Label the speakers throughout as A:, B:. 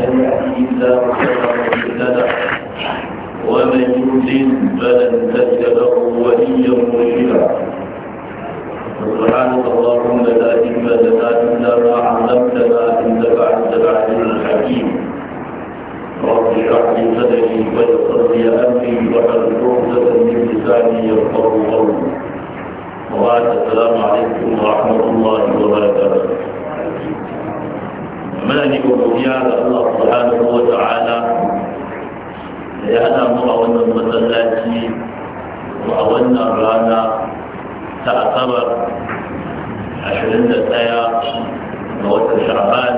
A: من يهده الله فلا مضل ومن يضلل فلن تجد له وليا مرشدا سبحانك اللهم لا علم لنا ما علمتنا انك انت العليم الحكيم رب اشرح لي صدري امري واحلل عقدة من لساني يفقه قولي وبعد السلام عليكم ورحمه الله وبركاته ذلك ويا الله سبحانه وتعالى يا لأنا مؤون المثلاتي مؤون الرانا تعتبر عشرين دتايا موت شعبان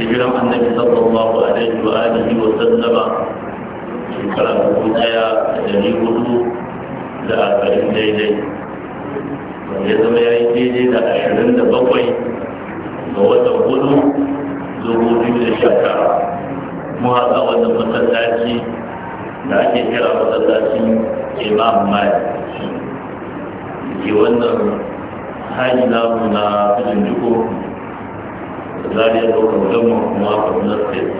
A: إجرام النبي صلى الله عليه وآله وسلم شكرا بكتايا الذي يقولوا لا أفعل ليلي ويزم يأتي لي لأشرين دبقوي ga watan hudu dubu biyu da sha tara mu haɗa wannan masallaci da ake kira masallacin imam mali ke wannan hanyar namu na cikin jiko zariyar lokacin gama kuma kwanar state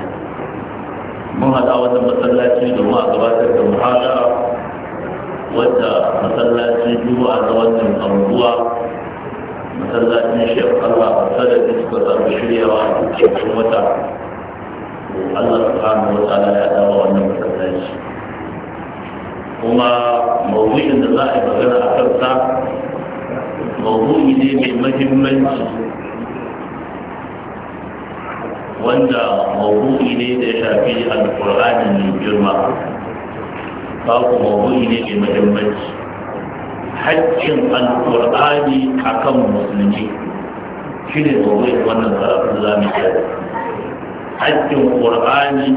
A: mun haɗa wannan masallaci domin a gabatar da muhadara wadda masallacin juma'a na wannan anguwa shirya Allah sada da suka samu shiryawa a cikin wata Allah subhanahu wa ta'ala ya dawo wannan masallaci kuma mawuyin da za a yi magana a kansa mawuyi ne mai mahimmanci wanda mawuyi ne da ya shafi alƙur'ani mai girma ba ku mawuyi ne mai mahimmanci haƙƙin a kan musulmi shi ne mawai wannan karatu za mu yi haƙƙin ƙur'ani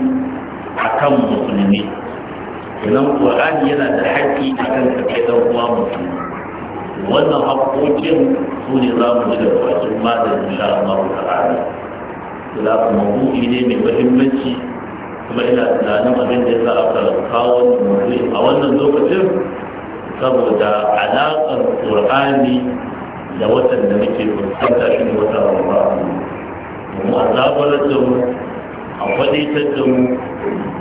A: a kan musulmi idan ƙur'ani yana da haƙƙi a kan kake ɗan uwa musulmi wannan haƙƙoƙin su ne za mu ji da bakin maganin sha Allah ta'ala za ku mabuɗi ne mai mahimmanci kuma ina tunanin abin da za a wannan musulmi a wannan lokacin saboda alaƙar ƙur'ani da watan da muke fuskanta shi wata ramadan mu azabar da mu a kwadaitar da mu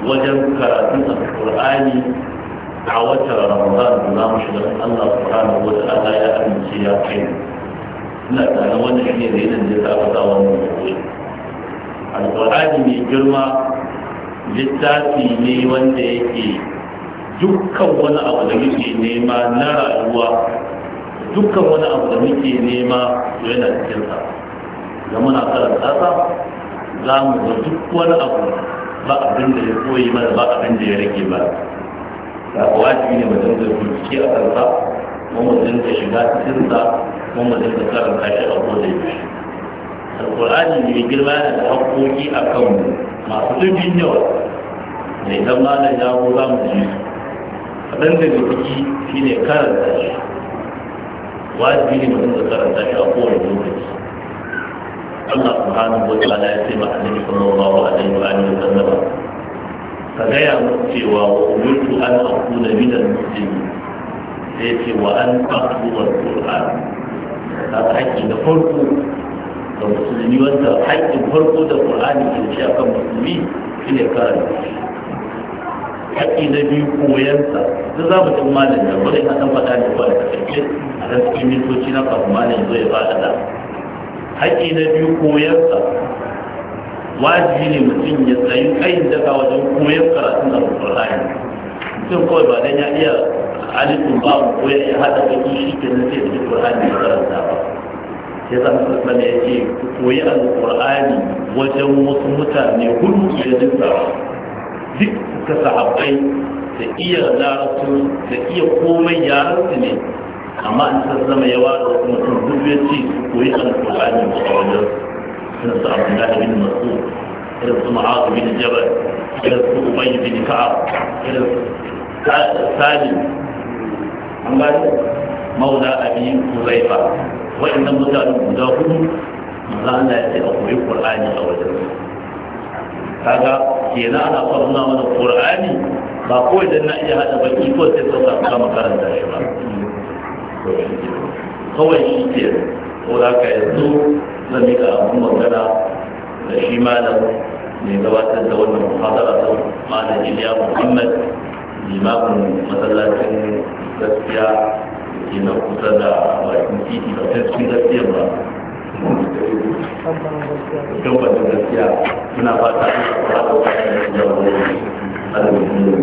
A: wajen karatun alkur'ani a watan ramadan da za mu shiga allah subhanahu wa ta'ala ya amince ya kai ina tsanin wannan shi ne da yadda ya saba da wannan mutum alkur'ani mai girma littafi ne wanda yake dukkan wani abu da muke nema na rayuwa dukkan wani abu da muke nema to yana cikin sa da muna karanta sa za mu ga duk wani abu ba abin da ya koyi mana ba abin da ya rage ba da wajibi ne mutum da bincike a kansa kuma mutum da shiga cikin sa kuma mutum da karanta shi a kowace shi alƙur'ani mai girma yana da haƙƙoƙi a kanmu masu dubin yawa mai zama na yawo za mu ji su abin da ciki shine karanta shi wajibi ne mutum da karanta shi a kowane lokaci Allah subhanahu wa ta'ala ya ce ma annabi sallallahu wa wa alihi wa sallam ka gaya musu cewa wa umirtu an aqula min al-muslimin sai ce wa an aqula al-qur'an ka haƙƙi da farko ga musulmi wanda haƙƙin farko da qur'ani ke shi akan musulmi shine karanta shi haƙƙi na biyu koyansa duk za mu cin malin da bari na ɗan faɗa da kuwa da kasance a kan cikin mintoci na kafin malin zo ya faɗa da haƙƙi na biyu koyansa wajibi ne mutum ya tsayi ƙayin daga wajen koyan karatun da alƙur'ani mutum kawai ba dan ya iya alifin babu ko ya iya haɗa baki shi ke nan sai da alƙur'ani da karanta ba sai zan sassa ne ya ce koyi alƙur'ani wajen wasu mutane hudu da duk duk ta sahabbai da iya larabci da iya komai yaransu ne amma an san zama yawa da wasu mutum duk ya ce da alƙur'ani a wajen irin su abdullahi bin mas'ud irin su ma'azu bin jabal irin su ubayy bin ka'ab irin salim an gani maula abi kuzaifa wa'annan mutanen guda hudu manzo Allah ya a koyi kur'ani a wajen kaga kenan ana faruna mana qur'ani ba kawai dan na iya hada baki ko sai sauka ka makaranta shi ba kawai shi ke ko za ka yanzu zan yi ga abun magana da shi malam mai gabatar da wannan muhadara ta malam Iliya Muhammad limamin masallacin gaskiya ke na kusa da bakin titi ba sai cikin gaskiya ba. Gabatar gaskiya kenapa tak ada orang yang